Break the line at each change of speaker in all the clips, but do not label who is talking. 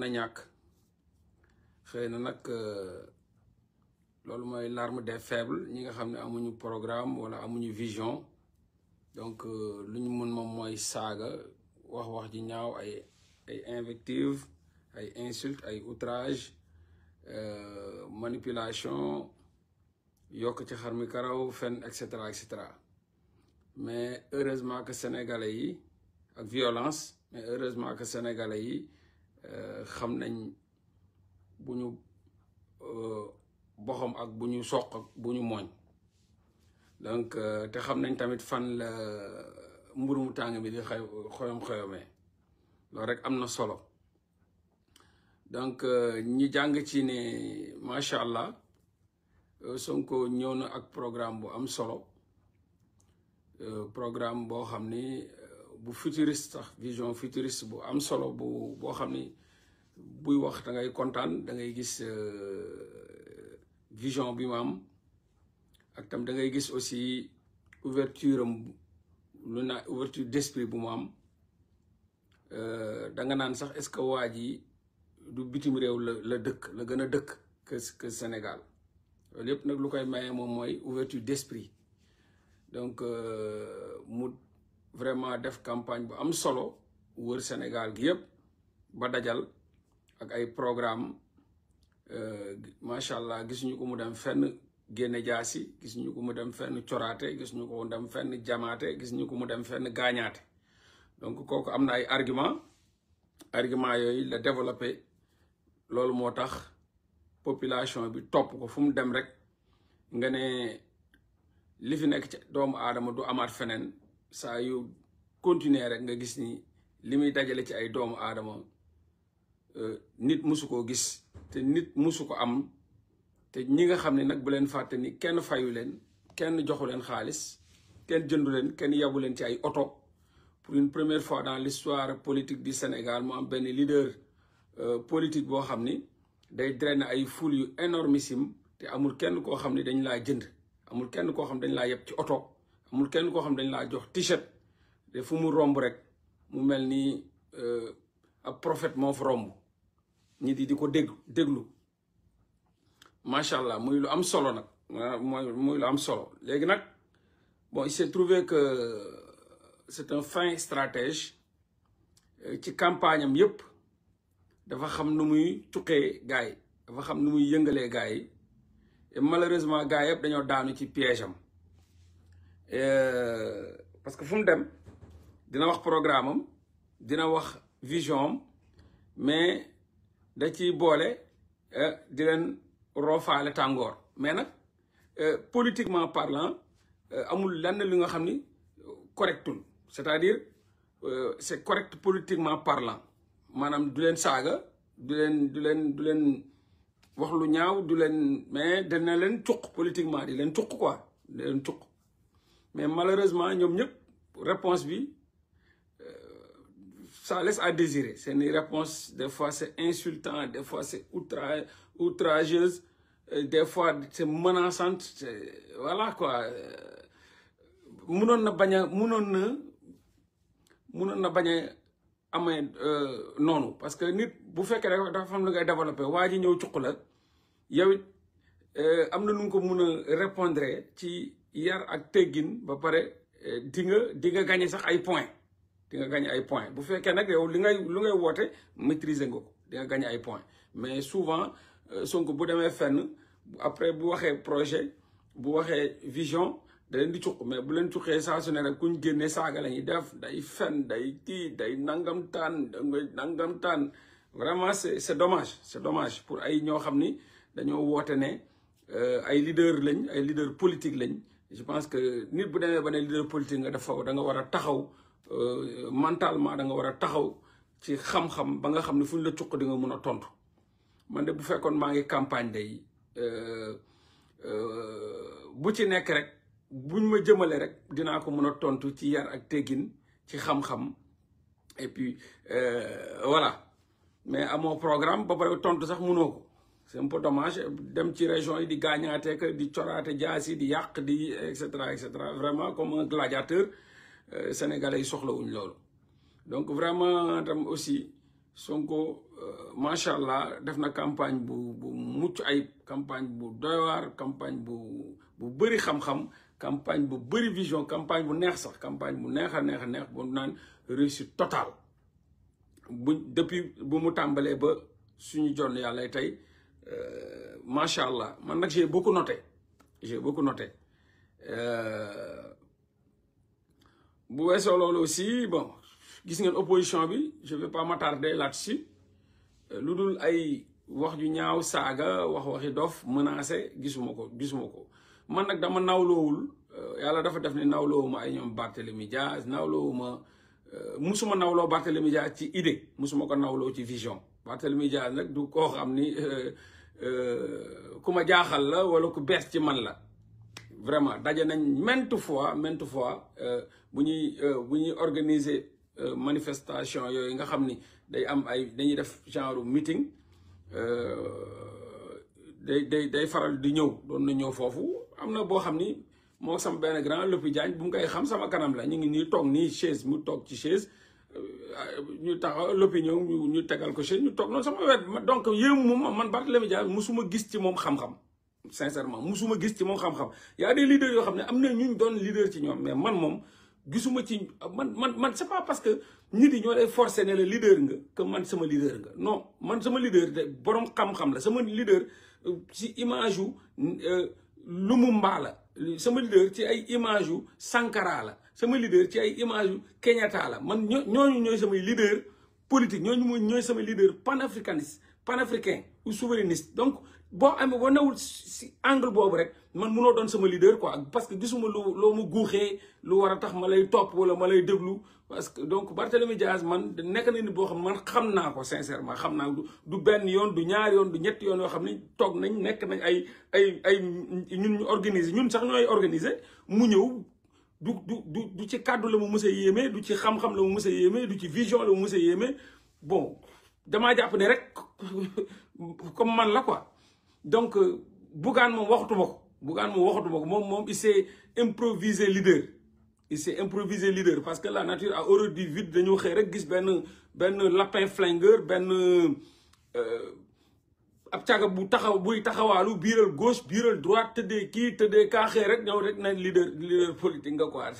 mën na ñàkk xëy na nag euh, loolu mooy l'arme des faible ñi nga xam ne amuñu programme wala amuñu vision donc euh, lu ñu mën moom mooy saaga wax-wax ji ñaaw ay ay invective ay insulte ay outrage euh, manipulation yokk ci xar mi karaw fen et cetera et cetera mais heureusement que sénégalais yi ak violence mais heureusement que sénégalais yi Euh, xam nañ bu ñu euh, boxam ak bu ñu soq bu ñu mooñ donc euh, te xam nañ tamit fan la mburu mu tàng mi di xay xoyom xoyomee loolu rek am na solo donc ñi jàng ci ne macha allah Sonko ñëw na ak programme bu am solo programme boo xam ni bu futuriste sax vision futuriste bu am solo bu boo xam ni buy wax da ngay kontaan da ngay gis euh, vision bi mu am ak tam da ngay gis aussi ouverture am lu naa ouverture d'esprit bu mu am euh, da nga naan sax est-ce que waa ji du bitim réew la la dëkk la gën a dëkk que Sénégal loolu yëpp nag lu koy maye moom mooy ouverture d'esprit donc euh, mu. vraiment def campagne bu am solo wër Sénégal gi yëpp ba dajal ak ay programme euh, macha allah gisuñu ko mu dem fenn génne jaasi gisuñu ko mu dem fenn coraate gisuñu ko mu dem fenn jamaate ñu ko mu dem fenn gaañaate donc kooku am na ay argument argument yooyu la développé loolu moo tax population bi topp ko fu mu dem rek nga ne li fi nekk ci doomu aadama du amaat feneen saa yu continuer rek nga gis ni li muy dajale ci ay doomu aadama euh, nit musu koo gis te nit musu ko am te ñi nga xam ne nag bu leen fàtte ni kenn fayu leen kenn joxu leen xaalis kenn jëndu leen kenn yabu leen ci ay oto pour une première fois dans l'histoire politique du Sénégal mu benn leader euh, politique boo xam ni day na ay foule yu énormissime te amul kenn koo xam ni dañ laa jënd amul kenn koo xam dañ laa yeb ci oto mu kenn koo xam dañ laa jox t-shirt te fu mu romb rek mu mel ni euh, ab prophète moo fa romb ñi di di ko dégg déglu macha allah muy lu am solo nag mooy muy lu am solo léegi nag bon il s'est trouvé que euh, c'est un fin stratège euh, ci campagne am yépp dafa xam nu muy tuqee gars yi dafa xam nu muy yëngalee gars yi et malheureusement gars yëpp dañoo daanu ci piège am Euh, parce que fu mu dem dina wax programme am dina wax vision mais da ci boole euh, di leen roofaale tàngoor mais nag euh, politiquement parlant amul lenn li nga xam ni correctul c'est-à-dire c'est correct politiquement parlant maanaam du leen saaga du leen du leen du leen wax lu ñaaw du leen mais de na leen cuq politiquement di leen cuq quoi di leen cuq mais malheureusement ñoom ñëpp réponse bi euh, ça laisse à désirer seen i réponse des fois c'est insultant des fois c'est outra outrageuse euh, des fois c'est menaçante c'est voilà quoi euh, munoon na bañ a munoon na munoon na bañ a amee noonu parce que nit bu fekkee rek dafa xam lu ngay développé waa ji ñëw cuq la yow it am na nu ko mun a répondre ci yar ak teggin ba pare eh, di nga di nga gagné sax ay point di nga ay point bu fekkee nag yow li ngay lu ngay woote maîtriser nga ko di nga gagné ay point mais souvent euh, Sonko bu demee fenn après bu waxee projet bu waxee vision da leen di cuq mais bu leen cuqee saa su ne rek kuñ génnee saaga la ñuy def day fen day kii day nangam taan nangam vraiment c'est c'est dommage c'est dommage pour ay ñoo xam ni dañoo woote ne euh, ay leader lañ ay leader politique lañ je pense que nit bu demee ba ne leader politique nga dafa da nga war a taxaw euh, mentalement da nga war a taxaw ci xam-xam ba nga xam ne fu ñu la cuq di nga mun a tontu man de bu fekkoon maa ngi campagne day euh, euh, bu ci nekk rek buñ ma jëmale rek dinaa ko mën a tontu ci yar ak tegin ci xam-xam et puis voilà mais amoo programme ba pare tontu sax munoo ko c'est un peu dem ci région yi di gaañaate que di coraate jaasi di yàq di et cetera et cetera vraiment comme un gladiateur euh, sénégalais yi soxlawuñ loolu donc vraiment tam aussi Sonko euh, macha allah def na campagne bu bu mucc ay campagne bu doywaar campagne bu bu bëri xam-xam campagne bu bëri vision campagne bu neex sax campagne bu neex a neex a neex bu naan réussite total bu depuis bu mu tàmbalee ba suñu jonn yàlla tey Euh, macha allah man nag j'ai beaucoup noté j'ai beaucoup noté euh, bu weesoo loolu aussi bon gis ngeen opposition bi je vais pas m'attarder là si euh, lu dul ay wax ju ñaaw saaga wax waxi dof menacé gisuma ko gisuma ko man nag dama nawloowul yàlla dafa def ne nawloowuma ay ñoom Barthélemy Dias nawloowuma musuma nawloo Barthélemy Dias ci idée musuma ko nawloo ci vision Barthélemy Dias nag du koo xam ni Euh, ku ma jaaxal la wala ku bees ci man la vraiment daje nañ maintes fois maintes fois euh, bu ñuy euh, bu ñuy organiser manifestation yooyu nga xam ni day am ay dañuy def genre meeting day day day faral di ñëw doon na ñëw foofu am na boo xam ni moo sama benn grand Lopi Diagne bu ngay xam sama kanam la ñu ngi nii toog nii chaise mu toog ci chaise ñu taxaw l'opinion ñu tegal ko chaise ñu toog noonu sama wet donc yéemu moom man Barthélémy Dias musuma gis ci moom xam-xam sincèrement musuma gis ci moom xam-xam y a des yoo xam ne am na ñu ñu doon leader ci ñoom mais man moom gisuma ci man man man c'est pas parce que nit di ñoo lay forcer ne la leader nga que man sama leader nga no man sama leader de borom xam-xam la sama leader euh, ci image yu euh, lu mu mbaa la sama leader ci ay image yu Sankara la sama leader ci ay image yu Kenyatta la man ñooñu ñooy samay leader politique ñooñu mooy ñooy samay leader panafricaniste panafricain ou souverainiste donc boo amee wanewul si angle boobu rek man munoo doon sama leader quoi parce que gisuma lu loo mu guuxee lu war a tax ma lay topp wala ma lay déglu parce que donc Barthélemy Diaz man nekk na ni boo xam man xam naa ko sincèrement xam naa du benn yoon du ñaari yoon du ñett yoon yoo xam ne toog nañ nekk nañ ay ay ay ñun ñu organiser ñun sax ñooy organiser mu ñëw. du du du du ci kàddu la mu mës yéeme du ci xam la mu mës a du ci vision la mu mës yéeme bon damaa jàpp ne rek comme man la quoi donc euh, Bougane moom waxatuma ko Bougane moom waxatuma ko moom moom il s'est improvisé leader il s'est improvisé leader parce que la nature a horreur du vide dañoo xëy rek gis benn benn lapin flingueur benn euh, ab caga bu taxaw buy taxawaalu biiral gauche biiral droite tëddee kii tëddee kaaxee rek ñëw rek na leader leader politique nga ko quoi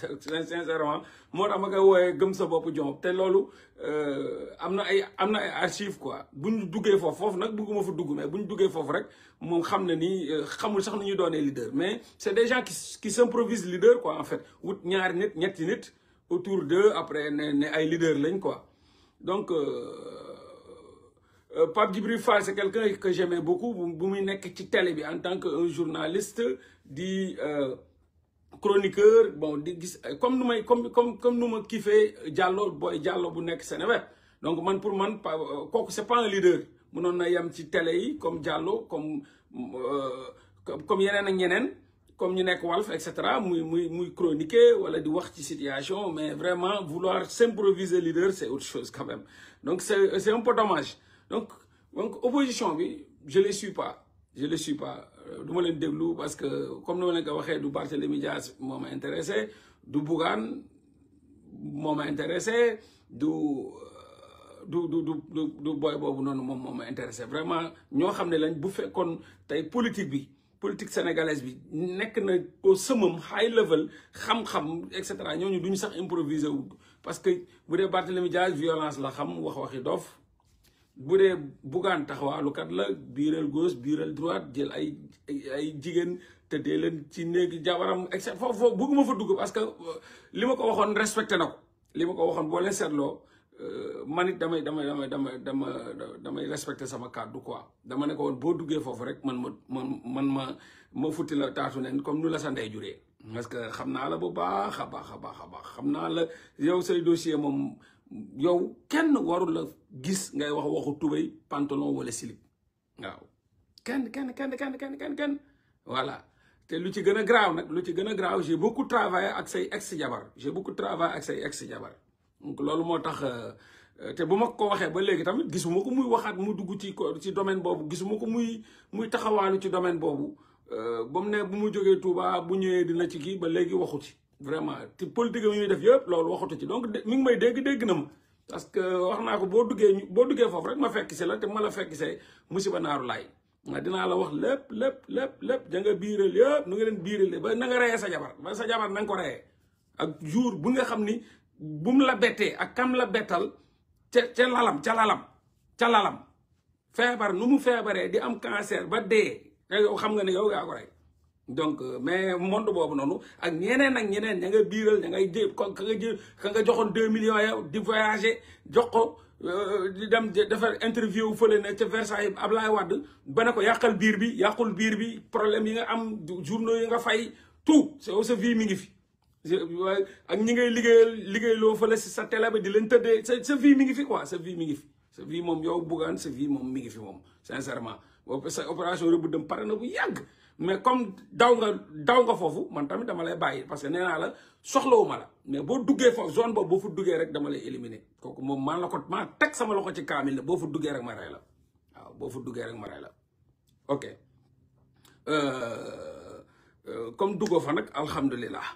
sincèrement moo tax ma koy wooyee gëm sa bopp jom te loolu euh, am na ay am na ay archive quoi bu ñu duggee foofu foofu nag bëgguma fa dugg mais bu ñu duggee foofu rek moom xam na ni euh, xamul sax nu ñuy doonee leader mais c'est des gens qui qui s'improvisent leader ko en fait wut ñaari nit ñetti nit autour d'eux après ne ne ay leader lañ quoi donc euh, Euh, Pape Djibril Fall c'est quelqu'un que j'aimais beaucoup bu muy nekk ci télé bi en tant que un journaliste di euh, chroniqueur bon di gis comme nu may comme comme comme nu ma kiifee Diallo booy Diallo bu nekk Seneweb donc man pour man euh, kooku c'est pas un leader mënoon na yem ci télé yi comme jàlloo comme comme yeneen ak ñeneen comme ñu nekk Walf et cetera muy muy muy chroniquer wala di wax ci situation mais vraiment vouloir s'improviser leader c'est autre chose quand même donc c'est c'est un peu donc donc opposition bi je les suis pas je les suis pas euh, du ma leen déglu parce que comme ni ma leen ko waxee du Barthélémy Dias moo ma intéressé du Bougane moo ma euh, du du du du du boy boobu noonu moom moom ma intéressé vraiment ñoo xam ne lañ bu fekkoon tey politique bi politique sénégalaise bi nekk na au summum high level xam-xam et cetera ñooñu duñu sax improviser wu parce que bu dee Barthélémy Dias violence la xam wax waxi doof bu dee buggaan taxawaalukat la biiral gauche biiral droite jël ay ay jigéen te dee leen ci néeg jabaram et cetera foofu foofu bugguma fa dugg parce que euh, li ma ko waxoon respecté na li ma ko waxoon boo leen seetloo euh, man it damay damay damay damay dama damay respecté sama kàddu quoi dama ne woon boo duggee foofu rek man ma man man ma ma futti la taatu neen comme nu la sa ndey juree parce que xam naa la boo baax a baax a baax a baax xam naa la yow say dossier moom yow kenn warul la gis ngay wax waxu tubéy pantalon wala silib waaw kenn kenn kenn kenn kenn kenn kenn voilà te lu ci gën a graaw nag lu ci gën a graaw j'ai beaucoup travaillé ak say ex jabar j'ai beaucoup travaillé ak say ex jabar donc loolu moo tax euh, te bu ma ko waxee ba léegi tamit gisuma ko muy waxaat mu dugg ci ci domaine boobu gisuma ko muy muy taxawaalu ci domaine boobu euh, ba mu ne bu mu jógee Touba bu ñëwee dina ci kii ba léegi waxu ci vraiment te politique yi ñuy def yëpp loolu waxatu ci donc mi ngi may dégg dégg na ma parce que wax naa ko boo duggee boo duggee foofu rek ma fekki si la te ma la fekk see musiba naaru laay nga dinaa la wax lépp lépp lépp lépp da nga biiral nu nga leen biiralee ba na reyee sa jabar ba sa jabar na ko reyee ak jour bu nga xam ni bu mu la bettee ak kam la bettal ca ca lalam ca lalam ca feebar nu mu feebaree di am cancer ba dee xam nga ne yow yaa ko rey donc euh, mais monde boobu noonu ak ñeneen ak ñeneen ña nga biiral ña ngay jé ka nga jé ka joxoon deux millions yow di voyager jox ko euh, di dem defar interview fële ne ca Versailles Ablaye Wade wadd ne ko yàqal biir bi yàqul biir bi problème yi nga am journaux yi nga fay tout so sa vie mi ngi fi ak ñi ngay liggéeyal liggéeyloo fële si sa télé bi di leen tëddee sa sa vie ngi fi quoi sa mi ngi fi sa moom yow buggaan sa vie moom mi ngi fi moom sincèrement sa opération rëbb dem pare na bu yàgg mais comme daw nga daw nga foofu man tamit dama lay bàyyi parce que nee naa la soxlawuma la mais boo duggee foofu zone boobu boo fu duggee rek dama lay éliminer kooku moom man la ko maa teg sama loxo ci kaamil la boo fu duggee rek ma rey la boo fu duggee rek ma la ok euh, euh, comme duggoo fa nag alhamdulilah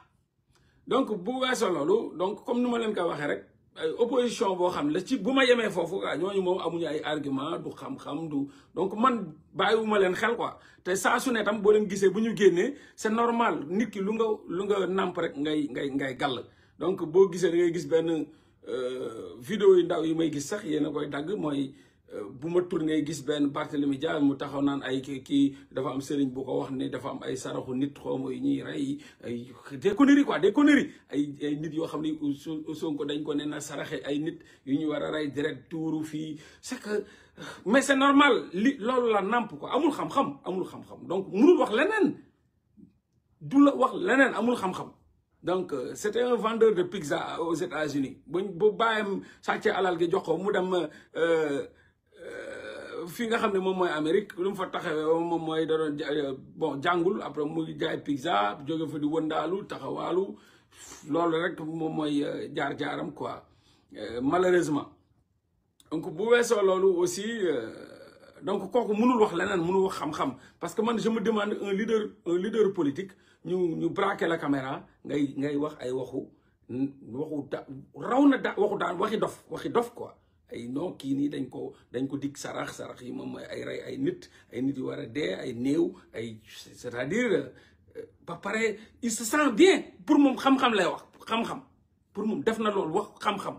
donc bu weesoo loolu donc comme nu ma leen ko waxee rek Euh, opposition boo xam la ci bu ma yemee foofu quoi ñooñu moom amuñu ay argument du xam-xam du donc man bàyyiwuma leen xel quoi te saa su ne tam boo leen gisee bu ñu génnee c'est normal nit ki lu nga lu nga nàmp rek ngay ngay ngay gàll donc boo gisee da ngay gis benn euh, vidéo yu ndaw yi may gis sax yéen a koy dagg mooy bu ma tourné gis benn Barthélemy Dias mu taxaw naan ay kii dafa am sëriñ bu ko wax ne dafa am ay saraxu nit xawma yu ñuy rey ay des conneries ay nit yoo xam ne Sonko dañ ko ne na saraxe ay nit yu ñu war a rey direct tuuru fii c'est que mais c'est normal li loolu la nàmp ko amul xam-xam amul xam-xam donc munul wax leneen du la wax leneen amul xam-xam donc euh, c'était un vendeur de pizza aux États-Unis buñ bu bàyyam sàcce alal gi jox ko mu dem euh, fii nga xam ne moom mooy Amérique lu mu fa taxawee moom mooy da doon euh, bon jàngul après mu ngi jaay pizza jóge fa di wëndaalu taxawaalu loolu rek moom mooy euh, jaar-jaaram quoi euh, malheureusement donc bu loolu aussi donc kooku mënul wax leneen mënul wax xam-xam parce que man je me demande un leader un leader politique ñu ñu braquer la caméra ngay ngay wax ay waxu waxu da raw na da waxu daan waxi dof waxi dof quoi ay non kii nii dañ ko dañ ko dikk sarax sarax yi moom ay rey ay nit ay nit yu war a dee ay néew ay c'est-à-dire euh, ba pare il sa sent bien pour moom xam-xam lay wax xam-xam pour moom def na lool wax xam-xam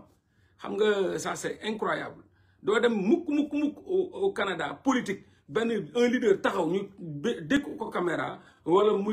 xam nga ça c'est incroyable doo dem mukk mukk mukk au Canada politique benn un leader taxaw ñu dégg ko caméra wala muy